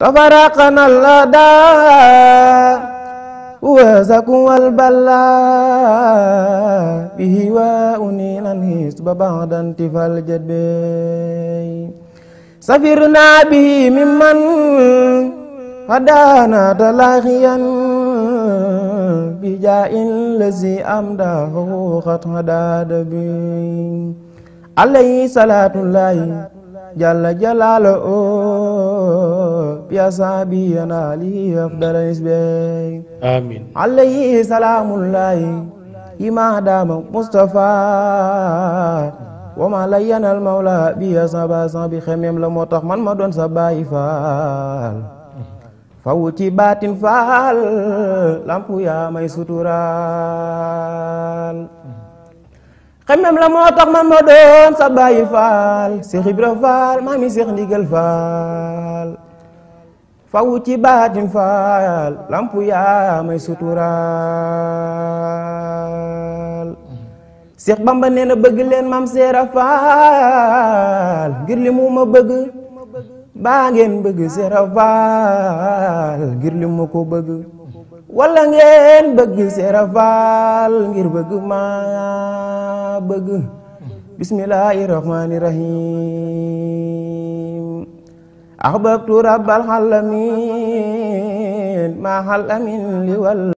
تفرقنا الأداء وزكوا البلاء به وأنينا الحسب بعد انتفى الجدب سفرنا به ممن هدانا تلاخيا بجاء الذي أمده قد هداد به عليه صلاة الله جل جلاله يا صاحبي نالي أفضل إسبي آمين عليه سلام الله إما دام مصطفى wama mawla bi ya saba san la moo tax man ma doon sa bàyyi faal faw ci baatin faal lampu may suturaal xemeem la moo man ma doon sa bàyyi faal Seex Ibra faal maami Seex Ndigal faal faw ci baatin faal lampu may suturaal Seex Bamba nee na bëgg mam seera faal ngir li ma bëgg baa ngeen bëgg seera faal ngir li mu ko bëgg wala ngeen bëgg seera faal ngir bëgg maa bëgg bismillaahi أحببت رب العالمين مع الأمين لوال